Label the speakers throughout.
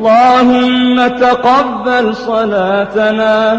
Speaker 1: اللهم تقبل صلاتنا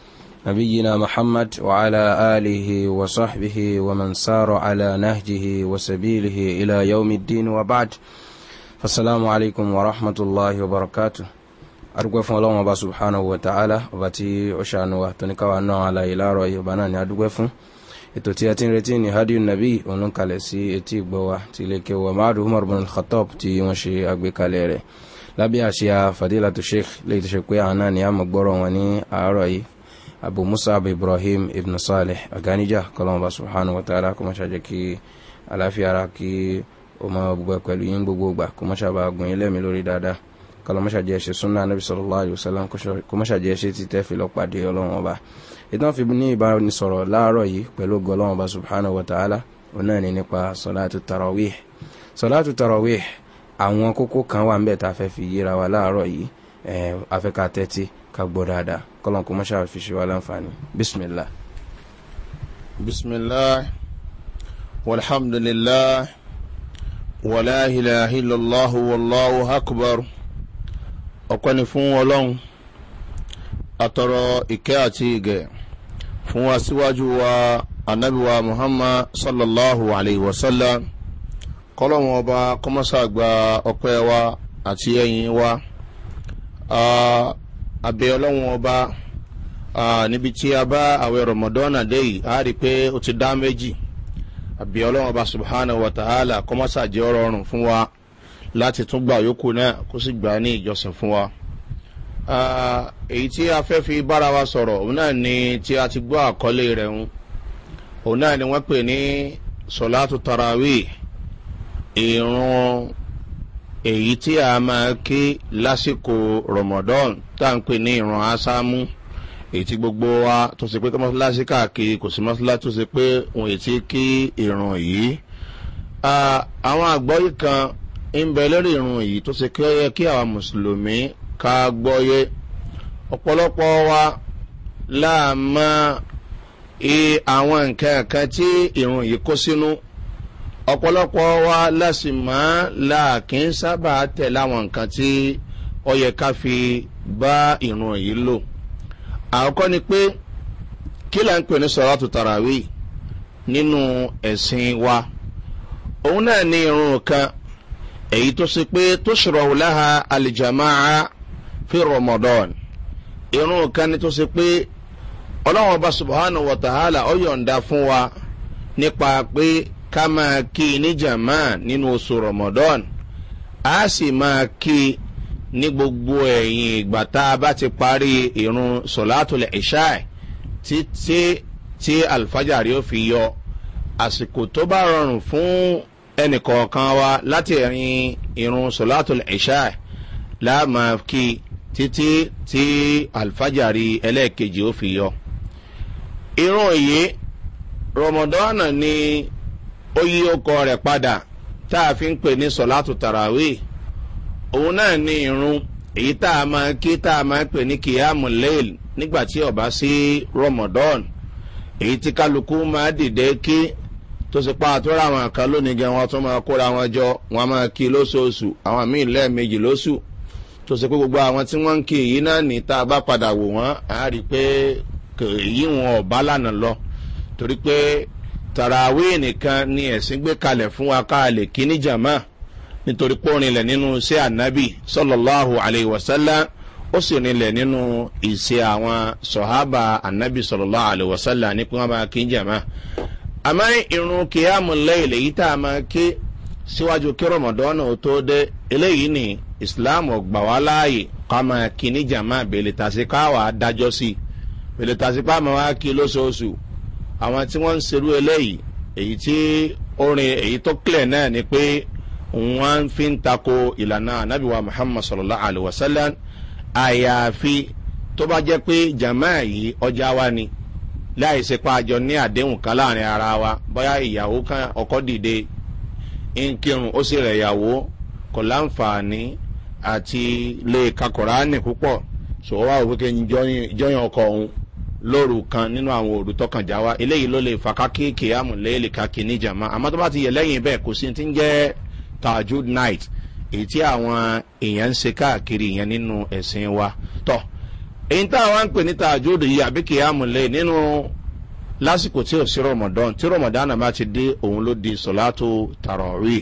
Speaker 2: نبينا محمد وعلى آله وصحبه ومن سار على نهجه وسبيله إلى يوم الدين وبعد فالسلام عليكم ورحمة الله وبركاته adúgbò fún ọlọ́run ọba subhanahu wa ta'ala ọba tí ó ṣàánú wa tó ní káwa náà àlàyé láàárọ̀ yorùbá náà ni adúgbò fún ètò tí a ti ń retí ní hadiyu nabi òun kalẹ̀ sí etí ìgbọ́ wa ti lè kẹwà máàdù umar bin al-khattab tí wọ́n ṣe àgbékalẹ̀ rẹ̀ lábẹ́ àṣẹ fadila tó sheikh lè ti ṣe pé àwọn náà ni a mọ̀ gbọ́rọ̀ wọn ní àárọ̀ yìí abu musa abu ibrahim ibn saleh aganija kọlọmọba subhanahu wa ta'ala kọmọ ṣàjẹ kí aláfíà ara kí o máa gbogbo pẹ̀lú yín gbogbo gbà kọmọ ṣàbà gùn yín lẹ́mí lórí dáadáa kọlọmọ ṣàjẹ ṣe súnà anabi sallallahu alayhi wa sallam kọmọ ṣàjẹ ṣe ti tẹ́fì lọ pàdé ọlọ́wọ́n ọba ìtàn fi ní ìbáraẹnisọ̀rọ̀ láàárọ̀ yìí pẹ̀lú gọlọ́wọ́n ọba subhanahu wa ta'ala ọ̀nà ni nípa sọ̀láàtú tarawih sọ̀láàtú tarawih àwọn kókó kan wà ń bẹ̀ tá a fẹ́ fi yíra wa láàárọ̀ yìí eh, afẹ́ka tẹ́tí ká gbọ́ dáadáa kọ́lọ́n kò mọ́ṣáà fi ṣe wa láǹfààní bisimilah. bisimilah walhamdulilah
Speaker 3: wàláhìláhìláhù wàláhù akbar ọ̀pẹ́ni fún ọlọ́run àtọ̀rọ̀ ìkẹ́ àti ìgẹ̀ fún wa síwájú wa anabiwa muhammad sallallahu alayhi wa sallam kọ́lọ́wọ́n ọba kọ́mọ́sá gba ọpẹ́ wa àti ẹ̀yìn wa abẹ ọlọ́run ọba níbi tí a bá àwẹ̀ rọmọdọ́nà dé yìí a rí i pé ó ti dá méjì àbí ọlọ́run ọba subhanahu wa ta'ala kọ́mọ́sà jẹ́ ọ̀rọ̀rùn fún wa láti tún gbà yókù náà kó sì gbà ní ìjọsìn fún wa. èyí tí a fẹ́ fi bára wa sọ̀rọ̀ òun náà ni tí a ti gbọ́ àkọlé rẹ̀ ń òun náà ni wọ́n pè ní sọ̀látù tarawih ìrún èyí tí a máa ké lásìkò ramadan tá à ń pè ní ìran asámú èyí tí gbogbo wa tó ṣe pé kí mọ́sálásí káàkiri kò sí mọ́sálásí tó ṣe pé òun èyí tí kí ìran yìí àwọn àgbọ́yé kan ń bẹ lórí ìrùn yìí tó ṣe kí ó yẹ kí àwọn mùsùlùmí ká gbọ́yé ọ̀pọ̀lọpọ̀ wa láàmú àwọn nǹkan kan tí ìrùn yìí kó sínú ọ̀pọ̀lọpọ̀ wa lásìmọ́ láàkín sábà tẹ̀ láwọn nǹkan tí ọ yẹ ká fi bá ìrùn yìí lò àkọ́kọ́ ni pé kí là ń pè ní sọ̀rọ̀ àtútàràwì nínú ẹ̀sìn wa òun náà ní irun kan èyí tó ṣe pé tó ṣòro láha alìjàmáà fi rọmọdọ́n irun kan ni tó ṣe pé ọlọ́wọ́n bá subahana wọ̀tàhálà ọ̀yọ̀ǹda fún wa nípa pé kama máa kí i ní jàmá ramadan a sì máa kí i ní gbogbo ẹ̀yìn ìgbà tá a bá ti parí irun sọ̀látùlẹ̀ ìṣáì títí tí alfajari ó fi yọ àsìkò tó bá rọrùn fún ẹnìkọ̀ọ̀kan wa láti ẹ̀yìn irun sọ̀látùlẹ̀ ìṣáì láàmà kí títí tí alfajari ẹlẹ́ẹ̀kejì ó fi yọ. irun yìí rọmọdọ́nà ni ó yí ọkọ rẹ̀ padà tá a fi ń pè ní sọ̀látù tàràwé òun náà ní irun èyí tá a máa kí tá a máa pè ní kìámù lẹ́ẹ̀l nígbà tí ọba sí rọmọdọ́n èyí tí kálukú máa dìde kí tó sì pa àtúrà àwọn kan lónìí gan wọn tún máa kóra wọn jọ wọn máa kí lóṣooṣù àwọn míì lẹ́ẹ̀mejì lóṣù tó ṣe pé gbogbo àwọn tí wọ́n ń kí èyí náà ní tá a bá padà wò wọ́n á rí i pé èyí wọn ò bá lànà lọ torí pé tàràwé nìkan ni ẹ̀sìn gbé kalẹ̀ fún wa ká lè kí ní jàmá nítorí pé ó rinlẹ̀ nínú iṣẹ́ ànábì sọlọ́láhu alayhi wa sallam ó sì rinlẹ̀ nínú ìṣe àwọn sọ̀hábà ànábì sọlọ́láhu alayhi wa sallam ní pé wọ́n máa kí ní jàmá. àmọ́ irun kìámù lẹ́yìn lèyí tá a máa kí síwájú kí rọmọdọ́nà ó tó dé eléyìí ni islam ọgbà wá láàyè ká máa kí jàmá bèlè tàṣíkà wà dájọ́ sí bèlè tàṣíkà máa wá kí lóṣooṣù àwọn tí wọ́n ń serú eléyìí èyí tí orin èyí tó clear náà ni pé wọ́n fi ń tako ìlànà anabi wa muhammad sallallahu alayhi wa sallam àyàfi tó bá jẹ́ pé jamaa yìí ọjà wa ni láì ṣe pa àjọ ní àdéhùn kan láàrin ara wa bóyá ìyàwó kan ọkọ dìde nkírun ó sì rẹ̀ ìyàwó kò láǹfààní àti lè ka púpọ̀ ṣòwò wà wípé kí n jọyàn ọkọ òun lóru kan nínú àwọn òru tọkànjá wa eléyìí ló lè fa kákéèké àmúléèlè káké níjàmá àmọ́ tó bá ti yẹ lẹ́yìn bẹ́ẹ̀ kò sí ti ń jẹ́ tajud night èyí tí àwọn èèyàn ń ṣe káàkiri yẹn nínú ẹ̀sìn wa tọ́ èyí tá àwọn ń pè ní tajud yìí àbí kéè àmúlé nínú lásìkò tí ò sí ramadan tí ramadan náà bá ti dé òun ló di sọ̀látò tàràwí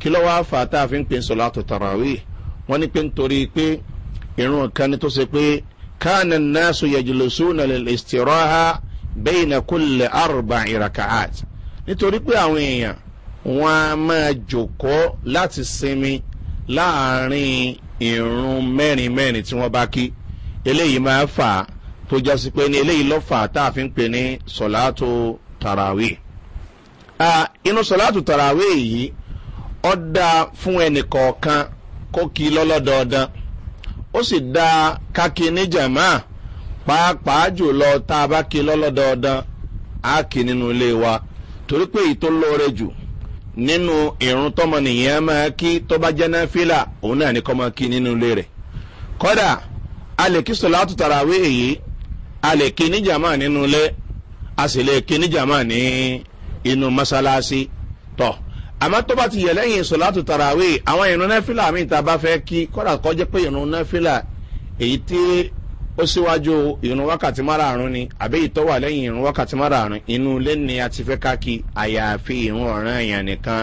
Speaker 3: kí ló wáá fà tá a fi ń pè sọ̀látò tàràwí wọ́n ní pé nítorí pé irun kan ni tó ṣe pé kana nasu yajilusuna lil istiraha bẹ́yìnà kúlẹ̀ arba irakaat nítorí pé àwọn èèyàn wọn a máa jòkó láti sinmi láàrin ìrún mẹ́rin mẹ́rin tí wọ́n bá kí eléyìí máa fà á tó jásí pé ní eléyìí lọ́ fà á tá a fi ń pè ní sọ̀láàtò tàràwé inú sọ̀láàtò tàràwé yìí ọ̀ dá fún ẹnì kọ̀ọ̀kan kó kí lọ́lọ́dọọdán ó sì da kákin ní jàmá pàápàá jùlọ tá a bá kí lọ́lọ́dọọdán á kí nínú ilé wa torí pé èyí tó lóore jù nínú ìrún tọmọ nìyẹn máa kí tó bá jẹ́ náà fílà òun náà ní kọ́ máa kí nínú ilé rẹ̀ kọ́dà a lè kí sọlá tó tàràwé èyí a lè kí ní jàmá nínú ilé a sì lè kí ní jàmá ní inú mọ́sálásí tọ̀ àmọ́ tó bá ti yẹ lẹ́yìn sọ̀látù tàràwé àwọn ìrún nẹ́fìlà mi ta bá fẹ́ kí kọ́dà kọjá pé ìrún nẹ́fìlà èyí tí ó síwájú ìrún wákàtí márààrún ni àbí ìtọ́wà lẹ́yìn ìrún wákàtí márààrún inú ilé ni a ti fẹ́ ká kí àyàfi ìrún ọ̀ràn èèyàn nìkan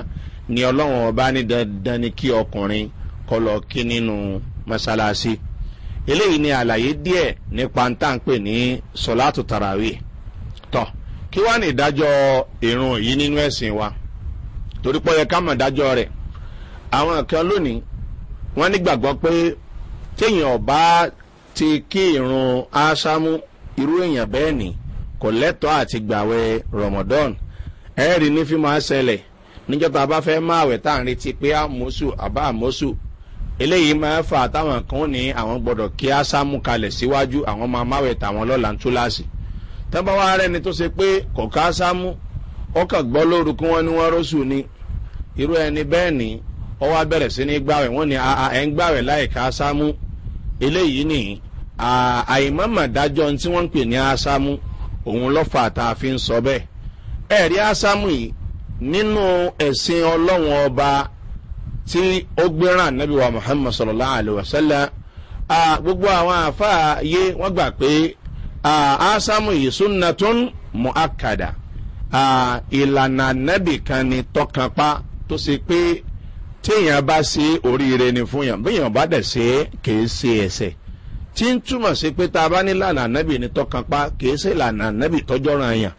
Speaker 3: ni ọlọ́run ọba ní dandan ni kí ọkùnrin kọ lọ kí nínú mọ́ṣáláṣí eléyìí ni àlàyé díẹ̀ nípa ń tà ń pè ní sọ̀látù tàràwé tọ̀ kí wá ní ìdájọ́ ìrún yìí nínú ẹ̀sìn wa torí pọ́ yẹ ká mọ̀ dájọ́ rẹ̀ àwọn kan lónìí wọ́n nígbàgbọ́ pé téèyàn ọba ti kí irun ásámú irú èèyàn bẹ́ẹ̀ ni kò lẹ́tọ̀ọ́ àti gbàwẹ̀ ramadan ẹ̀ẹ́rì ní fi máa ṣẹlẹ̀ níjọ́ tá a bá fẹ́ máa wẹ̀ tá à ń retí pé àmóṣù àbá àmóṣù eléyìí máa fà táwọn kan ní àwọn gbọ́dọ̀ kí ásámú kalẹ̀ síwájú àwọn máa máwẹ̀ tàwọn lọ́la ń túláàsì tẹ́ bá wá rẹ́ni tó ṣe pé kọ̀ọ̀ká ásámú ọ gbọ́ lóru kí wọ́n ní rọ́ṣù ni irú ẹni bẹ́ẹ̀ ni ọ wá bẹ̀rẹ̀ sí ní gbàwẹ̀ wọn ni ẹ̀ ń gbàwẹ̀ láìka asámú eléyìí ni àìmọ́mọ̀ dájọ́ tí wọ́n ń pè ní asámú òun tá a fi ń sọ bẹ́ẹ̀ ẹ̀rí asámú yìí nínú ẹ̀sìn ọba tí ó nabi wa muhammad sallallahu alayhi gbogbo àwọn àfáà yé wọ́n gbà pé asámú yìí sunnatun akada. ìlànà nẹ́bì kan ni tọkànpá tó ṣe pé téèyàn bá ṣe oríire ni fún yàn bá dẹ̀ ṣe é kìí ṣe tí ń túmọ̀ sí pé tá a bá ní lànà ànábì ni tọkànpá kìí ṣe ìlànà ànábì tọjọ́ràn yàn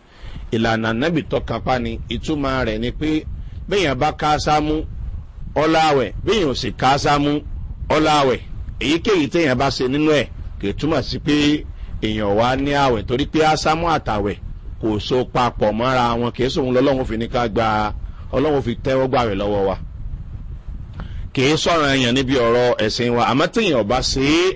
Speaker 3: ìlànà tọkànpá ni ìtumọ̀ rẹ̀ ni pé bá ọláwẹ̀ sì kò so papọ̀ mọ́ra wọn kì í sòun lọ́lọ́run fi ní ká gba ọlọ́run fi tẹ́wọ́ gbà rẹ̀ lọ́wọ́ wa kì í sọ̀rọ̀ ẹ̀yàn níbi ọ̀rọ̀ ẹ̀sìn wa àmọ́ tíyàn ọba ṣe é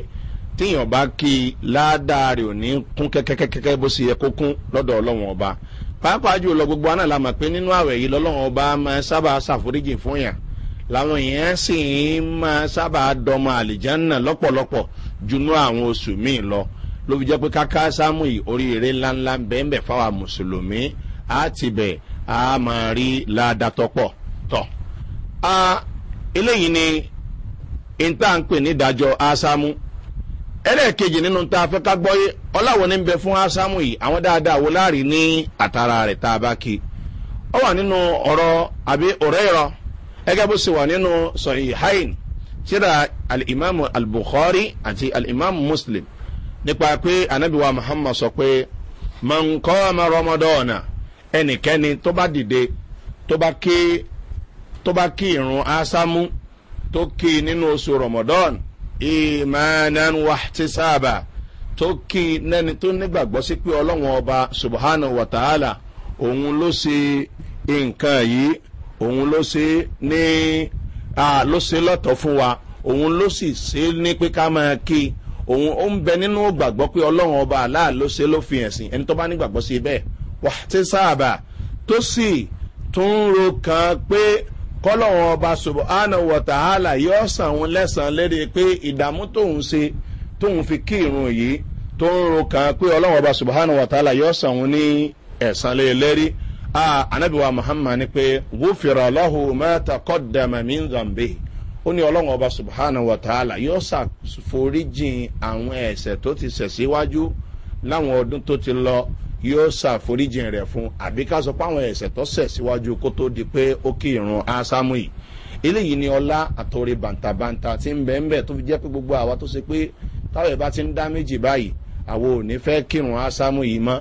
Speaker 3: tíyàn ọba kí i ládàá rẹ̀ ò ní kún kẹ́kẹ́kẹ́kẹ́ bó ṣe yẹ kó kún lọ́dọ̀ ọlọ́run ọba pàápàá jù lọ gbogbo àná la mọ̀ pé nínú àwẹ̀ yìí lọ́lọ́run ọba máa sábà ṣàforíjì fún yàn làwọn yẹn sì máa sábà dọmọ àlìjánná lọ́pọ̀lọpọ̀ junú àwọn oṣù míì lọ ló fi jẹ́ pé káká sáàmù yìí oríire ńláńlá bẹ́ẹ̀nbẹ́ fáwa mùsùlùmí á ti bẹ̀ á máa rí ládàtọ́pọ̀ tọ̀. eléyìí ni ìta ń pè ní ìdájọ́ ásámù ẹlẹ́ẹ̀kejì nínú tá a fẹ́ ká gbọ́ yé ọláwọ̀ ní bẹ fún ásámù yìí àwọn dáadáa wo láàrin ní àtàrà rẹ̀ tá a bá kí ọ wà nínú ọ̀rọ̀ àbí ọ̀rẹ́ ìrọ̀ ẹgẹ́ bó sì wà nínú sọ̀yìn hain tíra al-imam al-bukhari àti al muslim nípa pé anabi wa muhammad sọ pé mọ̀nkọ́ ọmọ rọmọdọ́ọ̀nà ẹnikẹ́ni tó bá dìde tó bá ké tó bá kí irun asámú tó kí nínú oṣù rọmọdọ́ọ̀n ìmọ̀ọ́nán wàtísàbà tó kí nẹ́ni tó nígbàgbọ́ sí pé ọlọ́wọ́n ọba subhanahu wa ta'ala òun ló ṣe nǹkan yìí òun ló ṣe ní ló ṣe lọ́tọ̀ fún wa òun ló sì ṣe ní pé ká máa kí i òun ó ń bẹ nínú gbàgbọ́ pé ọlọ́run ọba aláà ló ṣe ló fi ẹ̀sìn ẹni tó bá nígbàgbọ́ sí bẹ́ẹ̀ wà tí sáàbà tó sì tún ro kan pé kọ́lọ́run ọba subhana wọ̀tàhálà yóò sàn òun lẹ́sàn-án lérí pé ìdààmú tóun ṣe tóun fi kí irun yìí tó ń ro kan pé ọlọ́run ọba yóò sàn òun ní ẹ̀sán ni pé mẹ́ta kọ́ ń ó ní ọlọ́run ọba subhana wa ta'ala yóò ṣàforíjìn àwọn ẹ̀sẹ̀ tó ti ṣẹ̀ síwájú láwọn ọdún tó ti lọ yóò ṣàforíjìn rẹ̀ fún àbí ká sọ pé àwọn ẹ̀sẹ̀ tó ṣẹ̀ síwájú kó tó di pé ó kí irun ásámù yìí eléyìí ni ọlá àtọrẹ bàǹtàbàǹtà ti ń bẹ́ẹ̀ bẹ́ẹ̀ tó fi jẹ́ pé gbogbo àwa tó ṣe pé táwọn ẹ̀ ti ń dá méjì báyìí àwọn ò ní fẹ́ kírun ásámù yìí mọ́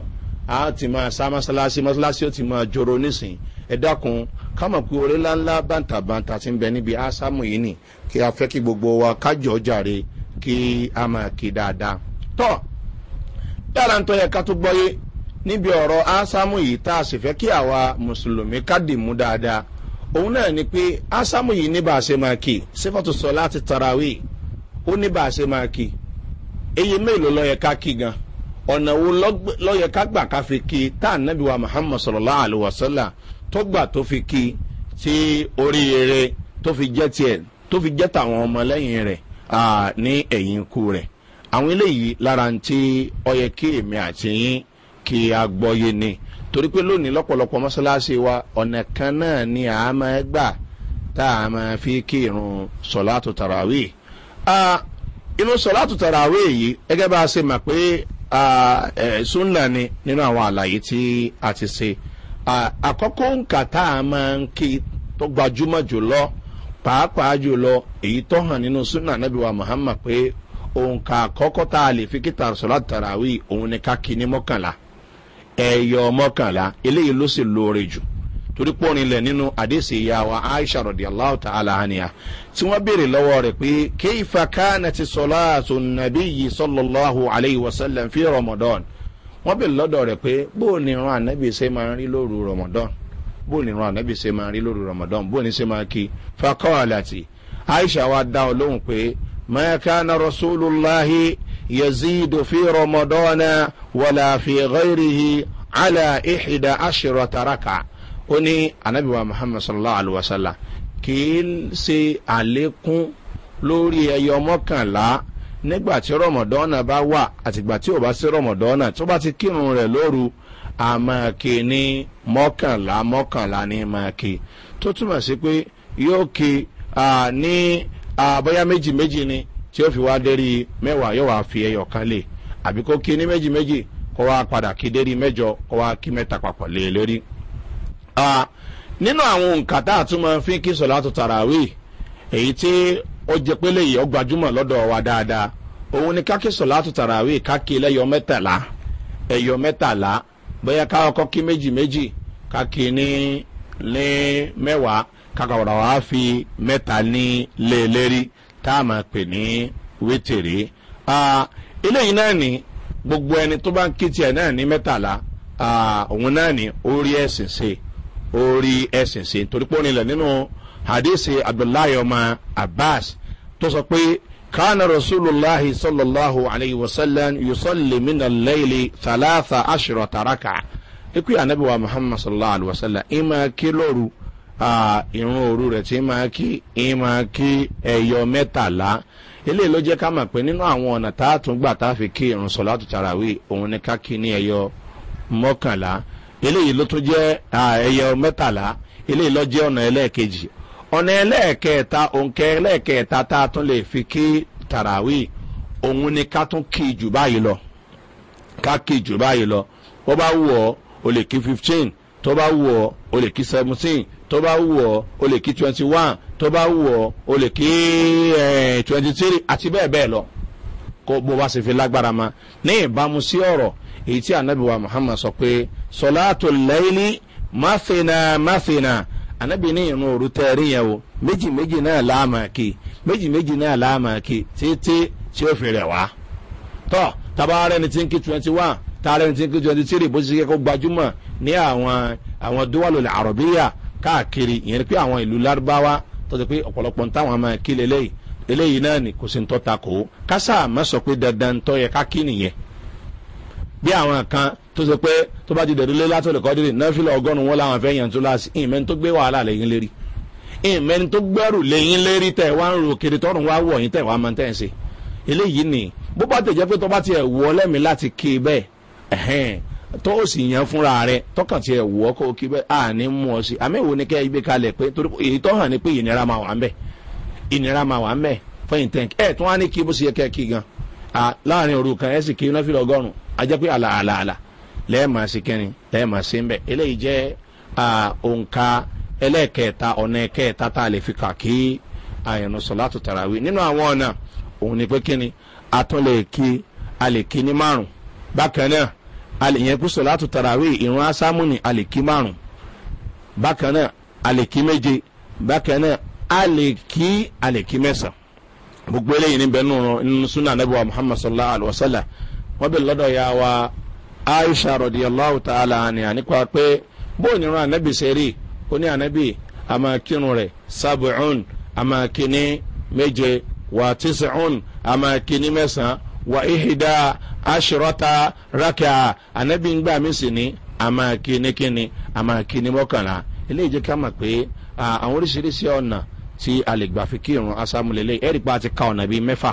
Speaker 3: a ti máa sá mọ́ṣáláṣí mọ́ṣáláṣí ó ti máa joro nísìn ẹ dákun kámọ̀ pé orí ńláńlá bàǹtàbàǹtà ti ń bẹ níbi ásámù yìí nì kí a fẹ́ kí gbogbo wa kájọ jàre kí a máa kí dáadáa. tọ́ dára ń tọ́ yẹ ká tó gbọ́yé níbi ọ̀rọ̀ ásámù yìí tá a sì fẹ́ kí àwa mùsùlùmí kádìmú dáadáa òun náà ni pé ásámù yìí ní bá a ṣe máa kì sífọ́tò sọ láti tarawí ó ní bá a ṣe máa kì eye mélòó lọ yẹ ká kì gan ọ̀nà wo lọ́yẹ ká gbà ká fi kì tá à nábìwá muhammad sallallahu alayhi wa sallam tó gbà tó fi kí tí oríire tó fi jẹ́ tiẹ̀ tó fi jẹ́ tàwọn ọmọlẹ́yìn rẹ̀ ní ẹ̀yìn ikú rẹ̀ àwọn eléyìí lára ń tí ọ kí èmi àti yín kí a gbọ́yé ni torí pé lónìí lọ́pọ̀lọpọ̀ mọ́ṣáláṣí wa ọ̀nà kan náà ni a máa gbà tá a máa fi kí irun sọ̀láàtù tàràwé irun sọ̀láàtù tàràwé yìí gẹ́gẹ́ bá a ṣe mọ̀ pé sunna ni nínú àwọn àlàyé tí a ti ṣe. Uh, àkọ́kọ́ nǹka tá a máa ń ké tó gbajúmọ̀ jùlọ pàápàá jùlọ èyí tó hàn nínú sunna anabi wa muhammad pé òǹkà àkọ́kọ́ tá a lè fi kíta sọ̀rọ̀ tàràwí òun ni ká kíní mọ́kànlá ẹ̀yọ mọ́kànlá eléyìí ló sì lóore jù torí pọ́nrin lẹ̀ nínú àdéhùn ìyá wa aisha rọ̀dí aláwọ̀ tá a là á tí wọ́n béèrè lọ́wọ́ rẹ̀ pé kéèfà kánà ti àtúnàbí yìí sọ́lọ́láhu aleyhi wọ́n bèèrè lọ́dọ̀ rẹ̀ pé bó ni ìran ànábì ṣe máa ń rí lóru ramadan bó ni ìran ànábì ṣe máa ń rí lóru ramadan bó ni ṣe máa kí fakọ́ àlàtì aisha wa dá ọ lóhùn pé mẹ́kánná rasulillahi yazidu fi ramadan wàlà fi ghairihi ala ìxìdá aṣèrò taraka ó ní ànábì wa muhammad sallallahu alaihi wa sallam kì í ṣe àlékún lórí ẹyọ mọ́kànlá nígbà tí rọmọdọ́nà bá wà àtìgbà tí ò bá sí rọmọdọ́nà tó bá ti kírun rẹ̀ lóru àmọ̀ọ́kè ní mọ́kànlá mọ́kànlá ní mọ́ọ́kè tó túmọ̀ sí pé yóò ke ní bóyá méjì méjì ni tí ó fi wá dérí mẹ́wàá yóò wá fi ẹyọ kan àbí kó ke ní méjì méjì kó wá padà kí dérí mẹ́jọ kó wá kí mẹ́ta papọ̀ lé e lórí. nínú àwọn nǹkan tá a tún máa fi kí sọ̀lá tó tàràwì èyí tí ó jẹ pé léyìí ó gbajúmọ̀ lọ́dọ̀ wa dáadáa òun ni kákí sọ̀láàtù tàràwí kákí lẹ́yọ mẹ́tàlá ẹ̀yọ mẹ́tàlá bóyá ká ọkọ́ kí méjì méjì kákí ní ní mẹ́wàá kakọ̀rọ̀ wá fi mẹ́ta ní lélẹ́rí tá a máa pè ní wétèrè. eléyìí náà ni gbogbo ẹni tó bá ń kí tiẹ̀ náà ní mẹ́tàlá òun náà ni ó rí ẹ̀sìn ṣe ó rí ẹ̀sìn ṣe torí pé ó nílẹ̀ nínú. No, hadisi abdullahi ọmọ abbas tó sọ pé kánà rasulillahi sallallahu alayhi wa sallam yusalli minna layli taraka ikú anabiwa muhammad sallallahu alayhi wa sallam ima loru a irun oru rẹ̀ ti ima ki ima kí ẹ̀yọ mẹ́tàlá eléyìí ló jẹ́ ká mọ̀ pé nínú àwọn ọ̀nà tá a tún gbà tá a fi kí irun tó òun ni ká kí eléyìí ọ̀nà ẹlẹ́ẹ̀kẹta òǹkẹ́ ẹlẹ́ẹ̀kẹta tá a tún lè fi kí tàràwí òun ni ká tún kí jù báyìí lọ ká kí jù báyìí lọ bó bá wù ọ́ o lè kí fifteen tó bá wù ọ́ o lè kí seventeen tó bá wù ọ́ o lè kí twenty one tó bá wù ọ́ o lè kí eh, twenty three àti bẹ́ẹ̀ bẹ́ẹ̀ lọ kó bó bá sì fi lágbára ma ní ìbámu sí ọ̀rọ̀ èyí tí anabiwa muhammad sọ pé sọlá lẹ́yìn máfìnà máfìnà anabi ní irun òru tẹ rí yẹn o méjì méjì náà láàmà kí méjì méjì náà láàmà kí títí tí ó fi rẹ̀ wá. tọ́ tábà rẹ̀ ni ti ń kí twenty one táà rẹ̀ ni ti ń kí twenty three bó ti ṣe kẹ́kọ̀ọ́ gbajúmọ̀ ní àwọn àwọn dúwàlù àròbíyà káàkiri ìyẹn ni pé àwọn ìlú lárúbáwá tó ti pé ọ̀pọ̀lọpọ̀ ń táwọn máa kí lélẹ́yìí eléyìí náà ni kò sí ń tọ́ ta kó kásá àmọ́ sọ pé dandan ń tọ́ yẹ ká kí nìyẹn bí àwọn kan tó ṣe pé tó bá ti dẹ̀dúlé látọ̀lẹ̀ kọ́dírì náfìlà ọgọ́rùn-ún wọn làwọn fẹ́ yàn tó láàsì ìmẹ́ni tó gbé wàhálà lẹ́yìn lérí ìmẹ́ni tó gbẹ́rù lẹ́yìn lérí tẹ̀ wá ń ro kiri tọ́run wá wọ̀ yín tẹ̀ wá máa ń tẹ̀ ń ṣe eléyìí ni bó bá tẹ̀jẹ́ pé tó bá tiẹ̀ wọ lẹ́mìí láti ké bẹ́ẹ̀ ẹ̀hẹ́n tó o sì yàn fúnra rẹ tọkàn tiẹ̀ wọ́ kó o kí bẹ́ẹ̀ à ní mú ọ sí àmì ìwò ni kẹ́ ibi kalẹ̀ pé torí èyí tó hàn ní pé ìnira máa wà ń bẹ̀ ìnira máa wà ń bẹ̀ fẹ́yìntẹ́ǹkì ẹ̀ tún wá ní kí bó ṣe yẹ kẹ́ kí gan láàrin òru kan ẹ̀ sì kí náà fi lọ́gọ́rùn-ún ajẹ́ ala ala ala. àlà lẹ́ẹ̀mà sí kẹrin lẹ́ẹ̀mà sí ń bẹ̀ eléyìí jẹ́ òǹkà ẹlẹ́ẹ̀kẹta ọ̀nà ẹ̀kẹta tá a lè fi kà àyànnú sọ̀lá tó tàràwí nínú àwọn ọ̀nà òun ni pé kíni atún lè kí a lè kí ní márùn bákan náà a lè yẹn kú sọ̀lá tó tàràwí ìrún asámúnì a lè kí márùn bákan náà a kí méje bákan náà a kí a kí mẹ́sàn gbogbo eléyìí níbẹ̀ nínú súnà anábíwá muhammad sallallahu alaihi wa sallam wọ́n bẹ̀rẹ̀ lọ́dọ̀ ya wa aisha rọ̀díyàlláhu ta'ala ni ànípa pé bóun ni ran anabi ṣe rí ó ní anabi àmà kírun rẹ̀ sábùcún àmà kíní méje wà tísìcún àmà kíní mẹ́sàn-án wà ìhìdá aṣèrọ́ta rákà anabi ń gbà mí sí ni àmà kíní kíní àmà kíní mọ́kànlá eléyìí jẹ́ ká mọ̀ pé àwọn oríṣiríṣi ọ̀nà tí a lè ẹ̀rí pa ti ka ọ̀nà bíi mẹ́fà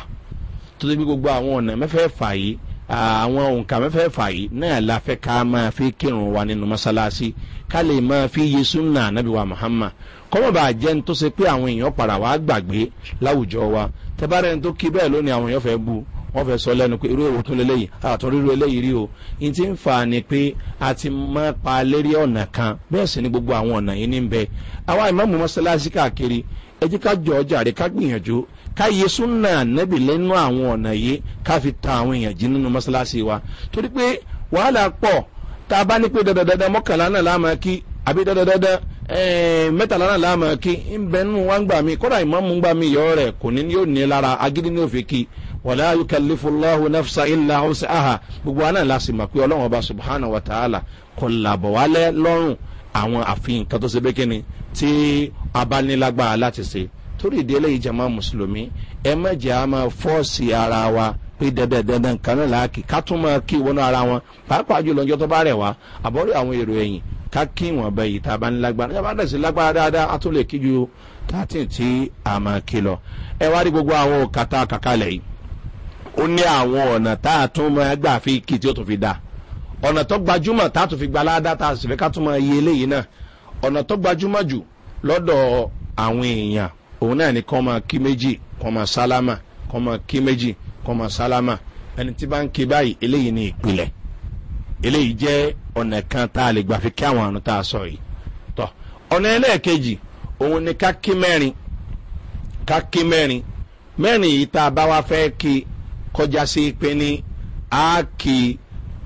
Speaker 3: tó débi gbogbo àwọn ọ̀nà mẹ́fẹ̀ẹ́fà yìí àwọn òǹkà mẹ́fẹ̀ẹ̀fà yìí náà la fẹ́ ká máa fi kírun wa nínú mọ́ṣáláṣí ká lè máa fi yé súnà ànábì wa muhammad kọ́mọ̀bà jẹ́ ní tó ṣe pé àwọn èèyàn padà wá gbàgbé láwùjọ wa tẹ́bárẹ́ ní tó kí bẹ́ẹ̀ lónìí àwọn èèyàn fẹ́ bu wọ́n fẹ́ sọ lẹ́nu pé irú èrò tó lélẹ́yìn àtọ́ rírú eléyìí rí o n ti ń fa ni pé a ti máa pa lérí ọ̀nà kan bẹ́ẹ̀ sì ni gbogbo àwọn ọ̀nà yìí ní ń bẹ ẹ jẹ́ ká jọ ọjà rẹ̀ ká gbìyànjú ká yẹ súnà nẹ́bì lẹ́nu àwọn ọ̀nà yìí ká fi ta àwọn èèyàn jí nínú mọ́ṣáláṣí wa torí pé wàhálà pọ̀ tá a bá ní pé dandandandan mọ́kànlá náà láàmú kí àbí dandandandan eh, mẹ́tàlá náà láàmú kí ń bẹ nínú wa ń gbà mí kódà ìmọ̀mú ń gbà mí yọ rẹ̀ kò ní yóò ní lára agídí ní òfin kí wàlá yukallifulahu nafsa illa ọsẹ aha gbogbo wa náà lásìmọ̀ pé ọlọ́run ọba subhanahu wa ta'ala kò làbọ̀ wálẹ̀ lọ́rùn àwọn àfihàn kan tó ṣe bẹ́ẹ̀ kíni tí a bá nílágbára láti ṣe torí ìdílé ìjàmá mùsùlùmí ẹ má jẹ́ máa fọ́ọ̀sì ara wa pé dandan dandan kan náà láàkì ká tún máa kí ìwọ́nú ara wọn pàápàá jùlọ ọjọ́ tó bá rẹ̀ wá àbọ̀rẹ̀ àwọn èrò ẹ̀yìn ká kí wọn bẹ yìí tá a bá ní lágbára yàrá dẹ̀ sí lágbára dáadáa a tún lè kí ju thirteen tí a máa kí lọ ẹ wá rí gbogbo àwọn òkàtà kàkálẹ̀ yìí ó ní àwọn ọ̀nà tá a tún máa gbà fi kí tí ó tún fi dáa ọ̀nà tó gbajúmọ̀ tá a tún fi gba aládá tá a sì fẹ́ ká tún máa yí eléyìí náà ọ̀nà tó gbajúmọ̀ jù lọ́dọ̀ àwọn èèyàn òun náà ni kọ́ máa kí méjì kọ́ máa sálámà kọ́ máa kí méjì kọ́ máa sálámà ẹni tí bá ń ké báyìí eléyìí ni ìpìlẹ̀ eléyìí jẹ́ ọ̀nà kan tá a lè gbà fi kí àwọn àrùn tá a sọ yìí tọ́ ọ̀nà ẹlẹ́ẹ̀kejì òun ni ká kí mẹ́rin ká kí mẹ́rin mẹ́rin yìí tá a bá wá fẹ́ kí kọjá sí pé ní a kì í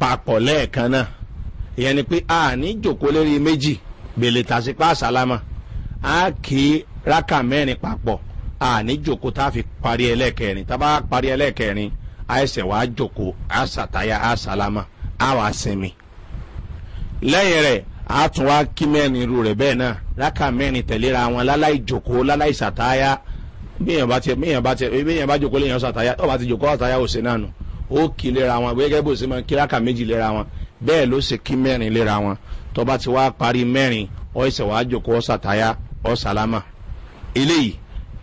Speaker 3: papọ̀ lẹ́ẹ̀kan náà ìyẹn ni pé a ní jòkó lérí méjì gbèlè tàṣípà sálámà a kì í rákà mẹ́rin papọ̀ a ní jòkó tá a fi parí ẹlẹ́kẹrin tá a bá parí ẹlẹ́kẹrin a ẹsẹ̀ wàá jòkó a sàtáyà a sálámà a wàá sinmi lẹ́yìn rẹ̀ a tún wá kí mẹ́rin irú rẹ̀ bẹ́ẹ̀ náà rákà mẹ́rin tẹ̀léra wọn láláì jòkó láláì sàtáyà bíyàn bá tiẹ̀ bíyàn bá tiẹ̀ bíyàn bá jòkó léyàn sàtáyà tó bá ti jòkó sàtáyà ò sí náà nù. No ó kì í lera wọn gẹ́gẹ́ bó ṣe máa kí méjì lera wọn bẹ́ẹ̀ ló ṣe kí mẹ́rin lera wọn tó bá ti wá parí mẹ́rin ọ ẹsẹ̀ wàá jòkó ọ sàtáyà ọ sàlámà eléyìí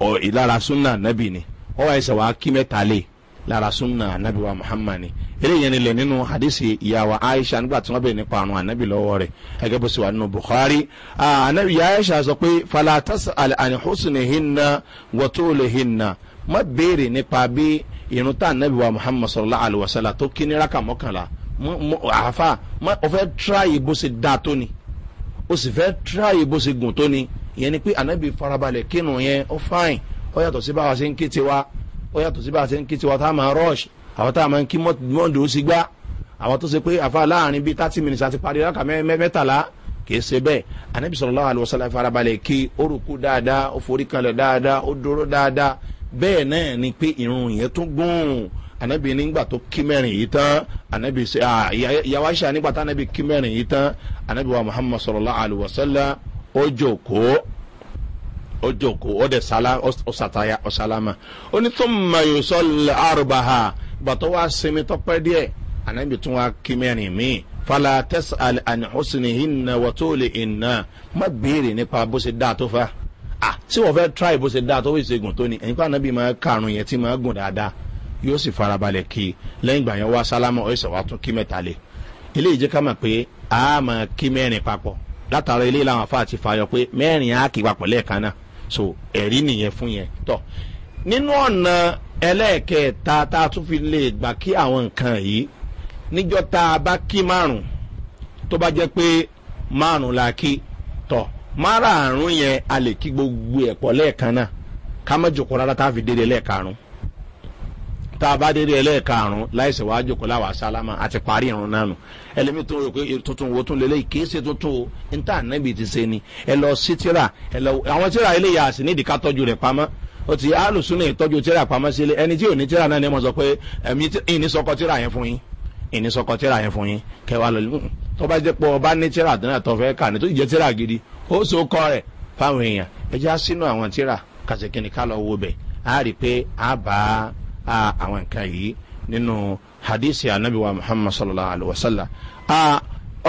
Speaker 3: ọ ìlara súnà nàbì ni ọ ẹsẹ̀ wàá kí mẹ́ta lé lára súnà nàbì wa muhammad ni eléyìí yẹn lè nínú hadisi ìyàwó aisha nígbà tí wọ́n bẹ̀rẹ̀ nípa àrùn ànábì lọ́wọ́ rẹ̀ gẹ́gẹ́ bó ṣe wà nínú buhari ànábì aisha sọ pé falatas alihusni hinna wọ́tò hinna má béèrè nípa bí irun tá anabi wa muhammad sallallahu alayhi wa sallam tó kí ní raka mọ́kànlá àfa ó fẹ́ tíráyè bó ṣe dáa tó ni ó sì fẹ́ tíráyè bó ṣe gùn tó ni ìyẹn ni pé anabi farabalẹ̀ kírun yẹn ó fáìn ó yàtọ̀ sí báwa ṣe ń kí tiwa ó yàtọ̀ sí báwa ṣe ń kí tiwa tá a máa rush àwọn tá a máa ń kí mọ́ndò ó sì gbá àwọn tó ṣe pé àfa láàrin bíi thirty minutes àti parí raka mẹ́tàlá kì í ṣe bẹ́ẹ̀ anabi sọ̀rọ̀ láwọn àlùwọ̀sálà farabalẹ̀ kí ó rùkú dáadáa ó forí kanlẹ̀ dáadáa ó dúró dáadáa bẹ́ẹ̀ náà ni pé irun yẹn tún gùn anabi nígbà tó kí mẹ́rin yìí tán anabi ṣe yàwá ṣe nígbà tá anabi kí mẹ́rin yìí tán anabi wa muhammad sallallahu alayhi wa sallam ó jòkóó ó jòkóó ó dẹ̀ ṣàtàyà ó ṣàlámà ó ní tó mọ yòóṣọ́ àrùbáhà ìgbà tó wá sinmi tọ́pẹ́ díẹ̀ anabi tún wá kí mẹ́rin míì fala tẹ́sán àni hosùn ìhìnnà wàtó lè ìnà má béèrè nípa bó ṣe dáa tó fa. Ah, ṣé wọ́n fẹ́ try bó ṣe dáa tó wíṣe gùn tó ni ẹ̀yin pa ànábì máa karùn yẹn tí máa gùn dáadáa yóò sì farabalẹ̀ kí lẹ́yìn ìgbà yẹn wá sálámà ọ̀ẹ́sẹ̀ wá tún kí mẹ́ta lé eléyìí jẹ́ ká mọ̀ pé a máa kí mẹ́rin papọ̀ látara eléyìí làwọn afá ti fààyọ pé mẹ́rin á kí papọ̀ lẹ́ẹ̀kan náà so ẹ̀rí nìyẹn fún yẹn tọ̀ nínú ọ̀nà ẹlẹ́ẹ̀kẹta tá a tún fi lè gbà kí àwọn nǹkan yìí níjọ́ tá a bá kí márùn-ún tó bá jẹ́ pé márùn-ún la kí tọ̀ márààrún yẹn a lè kí gbogbo ẹ̀ pọ̀ lẹ́ẹ̀kan náà ká má jòkó rárá tá a fi dédé lẹ́ẹ̀karùn tá a bá dédé lẹ́ẹ̀karùn láìsẹ̀ wá jòkó láwà sálámà àti parí irun náà nù ẹlẹ́mi tó rò pé tuntun wo tún lélẹ́yìí kì í ṣe tuntun o níta ànábì ti ṣe ni ẹ lọ sí tíra ẹ lọ àwọn tíra eléyà àsì nídìí ká tọ́jú rẹ̀ pamọ́ o ti alùsùnà ìtọ́jú tíra pamọ́ sílé ẹni tí ò ní tíra náà ni mo sọ pé ẹ̀mí ìnísọkọ tíra yẹn fún yín ìnísọkọ tíra yẹn fún yín kẹwàá lọ hmm, tó bá jẹ́ pé ọba ní tíra àtúnà tó kà ní tó jẹ́ tíra gidi ó so kọ rẹ̀ fáwọn èèyàn ẹja sínú àwọn tíra kàṣekínní ká lọ wo bẹ̀ á rí i pé á bá àwọn nǹkan hadisi anabi wa muhammad sallallahu alaihi wa sallam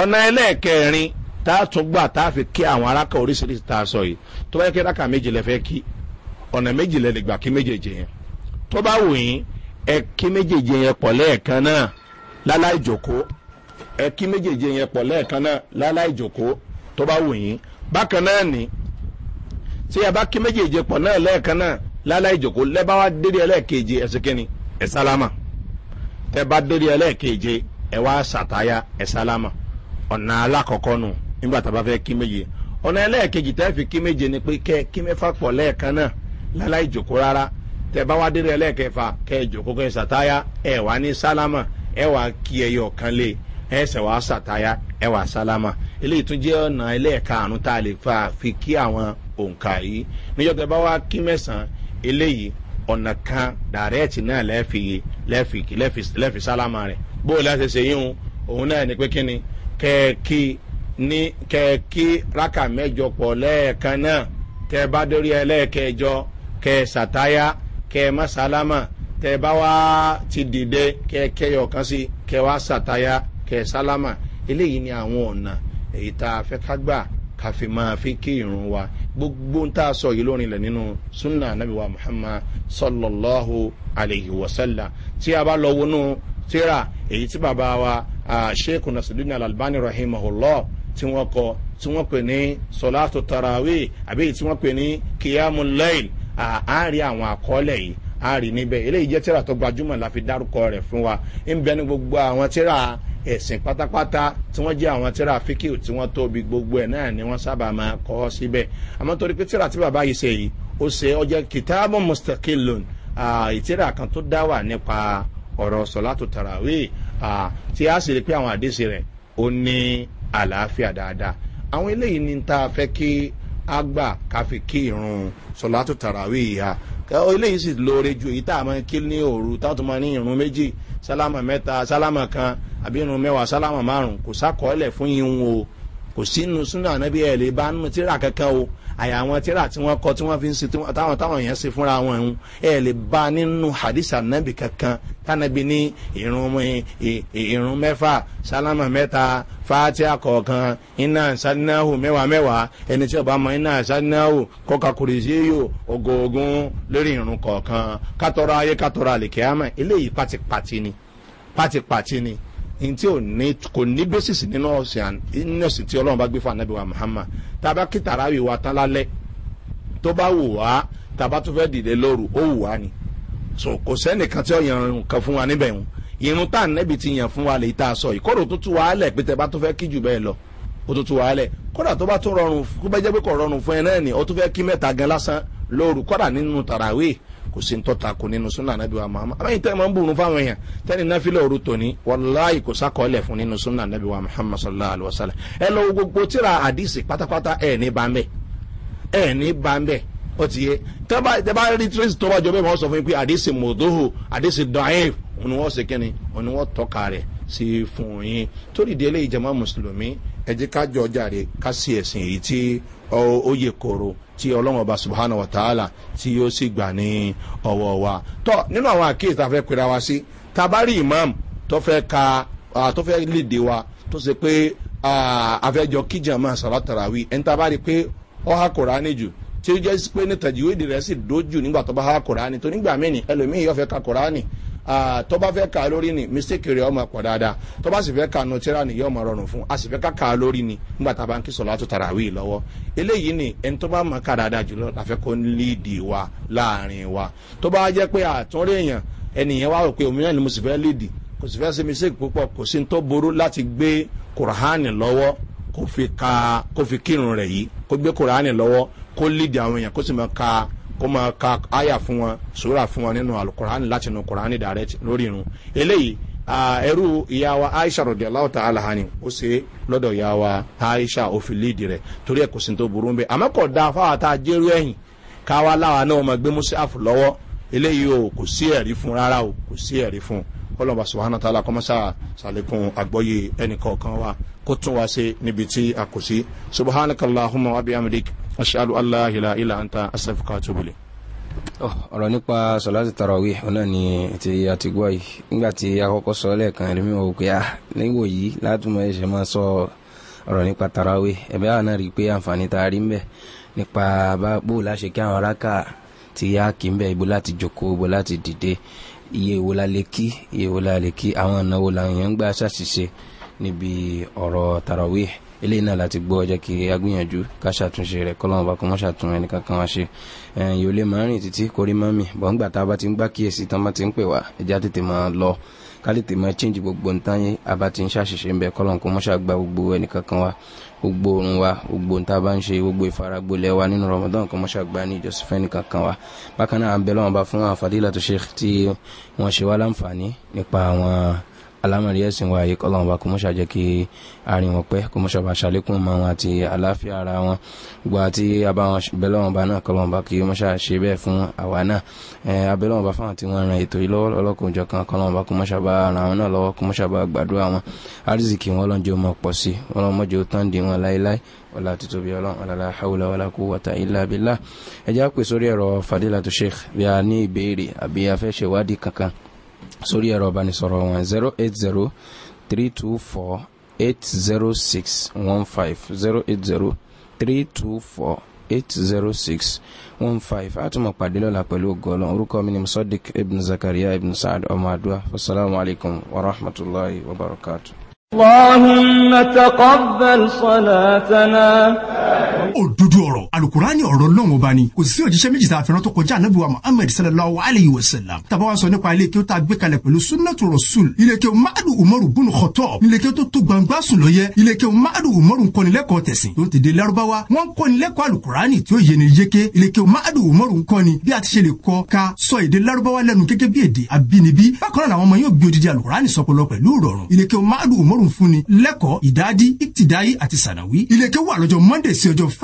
Speaker 3: ọ̀nà ẹlẹ́ẹ̀kẹrin tá a tún gbà a fi kí àwọn arákà oríṣiríṣi tá a sọ yìí tó bá yẹ kí arákà méjì lẹ fẹ́ kí ọ̀nà lẹ lè gbà kí méjèèjì yẹn tó bá wù yín ẹ kí méjèèjì yẹn pọ̀ lẹ́ẹ̀kan náà ẹ kí méjèèjì yẹn pọ̀ lẹ́ẹ̀kan náà tó bá wù yín bákan náà ni tí ẹ bá kí méjèèjì pọ̀ náà lẹ́ẹ̀kan náà láláì jòkó lẹ́bàá wá dédé ẹlẹ́ẹ̀keje ẹ̀sìn kínní ẹ̀ sálámà tẹ bá dédé ẹlẹ́ẹ̀keje ẹ̀ wá sàtáyà ẹ̀ sálámà ọ̀nà alákọ̀ọ́kọ́ nù nígbà tá a bá fẹ́ kí méje ọ̀nà ẹlẹ́ẹ̀kejì tẹ́ fi kí méje ni pé kẹ́ kí mẹ́fà pọ̀ lẹ́ẹ̀kan náà láláì jòkó rárá tẹ ẹsẹ̀ wàá ṣàtayá ẹwà sálámà eléyìí tún jẹ́ ọ̀nà ẹlẹ́ẹ̀kaàrún tá a lè fa fi kí àwọn òǹkà yìí níjọba bá wá kí mẹ́sàn-án eléyìí ọ̀nà kan dàrẹ́ẹ̀tì náà lẹ́ẹ̀fì lẹ́ẹ̀fì lẹ́ẹ̀fì sálámà rẹ̀ bó o láti ṣe yíhun òun náà ni pé kí ni kẹ́ẹ̀kì ní kẹ́ẹ̀kì rákà mẹ́jọ pọ̀ lẹ́ẹ̀kan náà tẹ́ ẹ bá dórí ẹlẹ́ẹ̀kẹjọ kẹ́ ẹ ṣàtayá kẹ́ ẹ má tẹ́ ẹ bá wá ti dìde kẹ́ẹ̀kẹ́ yọ̀ọ̀kan sí kẹ́ ẹ wá ṣàtayá kẹ sálámà eléyìí ni àwọn ọ̀nà èyí tá a fẹ́ ká gbà ká fi máa fi kí irun wa gbogbo ń tá a sọ yìí lórin lẹ̀ nínú sunna anabi wa muhammad sallallahu alayhi wa sallam tí a bá lọ wọnú tíra èyí tí bàbá wa sheikh nasiruddin alalbani rahimahullah tí wọ́n kọ tí wọ́n pè ní sọláàtò tarawee àbí tí wọ́n pè ní kiyamu lail àárín àwọn àkọọ́lẹ̀ yìí àárín níbẹ̀ eléyìí jẹ́ tíra tó gbajúmọ̀ la fi dárúkọ rẹ̀ fún wa ń bẹ ní gbogbo àwọn tíra ẹ̀sìn pátápátá tí wọ́n jẹ́ àwọn tíra fíkìl tí wọ́n tóbi gbogbo ẹ̀ náà ni wọ́n sábà máa kọ́ síbẹ̀ àmọ́ torí pé tíra tí bàbá yìí ṣe yìí ó ṣe ọjọ́ kìtàbọ̀ mustakilun ìtíra kan tó dá wà nípa ọ̀rọ̀ sọ̀látò tàràwé tí a sì rí pé àwọn àdéṣe rẹ̀ ó ní àlàáfíà dáadáa àwọn eléyìí ní ta fẹ́ kí a gbà ká fi kí irun sọ̀látò tàràwé yìí ha eléyìí sì lóore ju èyí tá a máa kí ní òru táwọn tó máa ní irun méjì sálámà mẹ́ta sálámà kan àbí irun mẹ́wàá sálámà márùn kò sákọọ́lẹ̀ fún irun o kò sínú súnà ànábì bá nínú tíra kankan o àyà àwọn tíra tí wọ́n kọ tí wọ́n fi ń se táwọn táwọn yẹn se fúnra wọn ń ẹ lè ba nínú hadisa nabi kankan tánàbí ní irun irun mẹ́fà sálámà mẹ́ta fatia kọ̀ọ̀kan iná sádínáhù mẹ́wàá mẹ́wàá ẹni tí ọba mọ iná sádínáhù kọ́ka kùrìsíyò ogoogun lórí irun kọ̀ọ̀kan kátọ́rọ̀ ayé kátọ́rọ̀ àlèkè àmọ́ eléyìí pátipàti ni pátipàti ni n tí ò ní kò ní basis nínú ọ̀sìn nínú ọ̀sìn tí ọlọ́run bá gbé fún anabi wa muhammad tàbá kí tàràwì wa tán lálẹ́ tó bá wù wá tàbá tó fẹ́ dìde lóru ó wù wá ni so kò sẹ́nìkan tí ó yan nǹkan fún wa níbẹ̀ yẹn irun tá nẹ́bi ti yàn fún wa lè tá a sọ yìí kódò tó tú wa lẹ̀ pé tẹ bá tó fẹ́ kí jù bẹ́ẹ̀ lọ ó tó tú wa kódà tó bá tó rọrùn kó bá jẹ́ pé kò rọrùn fún ẹ náà ni ó tó fẹ́ kí mẹ́ta gan lásán lóru kódà nínú tàràwì kò sí ntọ́ta kò nínú súnà anabi wa muhammad àbẹ́yìn tẹ́ ẹ máa ń bùrùn fáwọn èèyàn tẹ́ni náfìlẹ̀ òru tòní wàláyì kò sákọ̀ọ́lẹ̀ fún nínú súnà anabi wa muhammad sallallahu alayhi wa sallam ẹ lọ gbogbo tíra àdìsí pátápátá ẹ̀ ní bambẹ́ ẹ̀ ní bambẹ́ ó ti yé tẹ́bá rí tracy tó bá jọ bẹ́ẹ̀ wọ́n sọ fún yín pé àdìsí mọ̀dóhù àdìsí dọ̀ẹ́f òní wọ́n ṣe kíni òní wọ́n tọ́ka rẹ̀ sí fún yín torí délé ìjàmá mùsùlùmí ẹ̀jẹ̀ ká jọ jàre ká sí ẹ̀sìn èyí tí ó yẹ kóró tí ọlọ́run ọba subhanahu wa ta'ala tí yóò sì gbà ní ọwọ́ wa. tọ́ nínú àwọn àkíyèsí tá a fẹ́ pera wa sí tabari imam tó fẹ́ ka tó fẹ́ léde wa tó ṣe pé àfẹ́jọ kíjàmá sàlátàràwí ẹni tabari pé ọ̀hà kòránì jù tí ó jẹ́ pé ní tàjíwéèdì rẹ̀ sì dójú nígbà tó bá ọ̀hà kòránì tó nígbà mẹ́ni ẹlòmíì yóò fẹ́ ka kòránì tó bá fẹ́ kà lórí ni mistake rẹ̀ ọmọ pọ̀ dáadáa tó bá sì fẹ́ kà nù tíra nìyí ọmọ rọrùn fún a sì fẹ́ ká kà lórí ni nígbà tá a bá ń kí sọ̀lá tó tara àwìn lọ́wọ́ eléyìí ni ẹni tó bá mọ̀ ká dáadáa jùlọ láfẹ́ kó ń líìdì wa láàrin wa tó bá jẹ́ pé àtúnrí èèyàn ẹnìyẹn wá rò pé òmíràn ni mo sì fẹ́ líìdì kò sì fẹ́ ṣe mistake púpọ̀ kò sí tó ború láti gbé kùránì lọ́wọ́ kó fi kírun rẹ̀ yìí kó gbé kùránì lọ́wọ́ kó líìdì àwọn èèyàn kó sì mọ̀ ká kó máa ka àyà fún wọn sóra fún wọn nínú alukurani láti nu kurani direct lórí irun eléyìí ẹrú ìyá wa aisha rọdí aláwọ tá a là hàn ó ṣe lọdọ ìyá wa aisha òfin líìdì rẹ torí ẹ kò sí tó burú ń bẹ àmọ kò dáa fáwọn tá a jẹrú ẹyìn káwa láwa náà máa gbé musafu lọwọ eléyìí o kò sí ẹ̀rí fún rárá o kò sí ẹ̀rí fún kọlọmọba subahana taala kọmọsá sàlékún àgbọyé ẹnìkọọkan wa kó tún wá sí níbi tí a kò sí subahana kàlá humna abiy amadiku aṣáájú aláhìlá ilà ń ta asẹ́fúkà tóbulè.
Speaker 2: ọ̀rọ̀ nípa sọ̀láṣí tarawí ọ̀nà ni ti àtìgbọ́ yìí nígbà tí akọ́kọ́ sọ lẹ́ẹ̀kan ẹ̀rí mi ò pé à ah, níwò yìí látùmọ̀ ẹ̀ṣẹ̀ máa sọ ọ̀rọ̀ nípa tarawí ẹ̀bẹ́ àwọn náà rí i pé àǹfààní ta rí ń nípa bá bó láṣẹ kí àwọn aráka ti yá kí ń ibo láti jòkó ibo láti dìde iye wo la lè kí iye wo la lè kí àwọn ìnáwó làwọn èèyàn gbà ṣàṣìṣe níbi ọ̀rọ̀ tarawih eléyìí náà láti gbọ́ ọjọ́ kí agbìyànjú ká ṣàtúnṣe rẹ̀ kọ́lọ́mọba kó mọ́ ṣàtún ẹni kankan wá ṣe yóò lè máa rìn títí korí mọ́ mi bọ́n gbà tá a bá ti ń gbá kíyèsí tán bá ti ń pè wá ẹja tètè máa lọ ká lè tèmọ́ chíǹjì gbogbo nǹkan yẹn a bá ti ń ṣàṣìṣe ń bẹ kọ́lọ́n kó mọ́ ṣàgbà gbogbo ẹnì kankan wa gbogbo oorun wa gbogbo nta bá ń ṣe gbogbo ìfaragbolẹ̀ wa nínú ramadan kan mọ́ṣá gba ní ìjọsìn fẹ́ nìkan kan wa bákan náà à ń bẹ lọ́wọ́n bá fún àfàdílà tó ṣe tí wọ́n ṣe wá láǹfààní nípa àwọn alámọ̀rí ẹ̀sìn wa yìí kọ́lọ́wọ́n bá kò mọ́ ṣàjẹ́ kí àárín wọn pẹ́ kò mọ́ ṣàbà ṣàlékún mọ́ wọn àti àláfíà ara wọn gba àti abáwọn abẹ́lọ́wọ̀n bá náà kọ́lọ́wọ́n bá kí mọ́ ṣàṣe bẹ́ẹ̀ fún àwa náà abẹ́lọ́wọ̀n bá fáwọn tí wọ́n ran ètò yìí lọ́wọ́ ọlọ́kùnjọ kan kọ́lọ́wọ́n bá kò mọ́ ṣàbà ara wọn náà lọ́wọ́ kò mọ́ ṣàbà gbàdúrà wọn àrísìkì wọn lọ́njọ́ mọ̀ pọ̀ sí wọn wọn láéláé wàlá títóbi ọlọ́run alára haúlá wàlá kó wàtà ilá abilá ẹjá pè sórí ẹ̀rọ fàdílà tó bí a ní ìbéèrè àbí afẹ́ṣẹ̀wádìí kankan sórí ẹ̀rọ ìbánisọ̀rọ̀ wọn zero eight zero three two four eight zero six one five zero eight zero three two four eight zero six one five àtúmọ̀ pàdé lọ́la pẹ̀lú gọ́lọ́ orúkọ mi ni musadik ibn zakaria ibn saad ọmọ adua wasalaamu alaykum wa rahmatulahi wa barakatu.
Speaker 1: اللهم
Speaker 2: تقبل صلاتنا
Speaker 1: òdodo ọ̀rọ̀ alukurani ọ̀rọ̀ lọ́wọ́n bá ni kò sí òjíṣẹ́ méjì tá a fẹ́ràn tó kọjá anabi wa muhammed sallallahu alayhi wa sallam tàbá wa sọ nípa ilé kí ó ta gbé kalẹ̀ pẹ̀lú sunnatu rasul ilé kí o madu umaru bunu kọtọ ilé kí o tó tó gbangba sùn lọ yẹ ilé kí o madu umaru nkọnilẹ́kọ̀ọ́ tẹ̀sìn tó ń tẹ̀dé larubawa wọn kọnilẹ́kọ̀ọ́ alukurani tí ó yẹni yeke umaru nkọni bí a ti ṣe lè kọ ka sọ èdè larubawa lẹnu kéke bí èdè abínibí bákan náà làwọn ọmọ yóò umaru fúnni lẹ́kọ̀ọ́ ìdádi ìtìdáyé àti sànàwí ilé kí o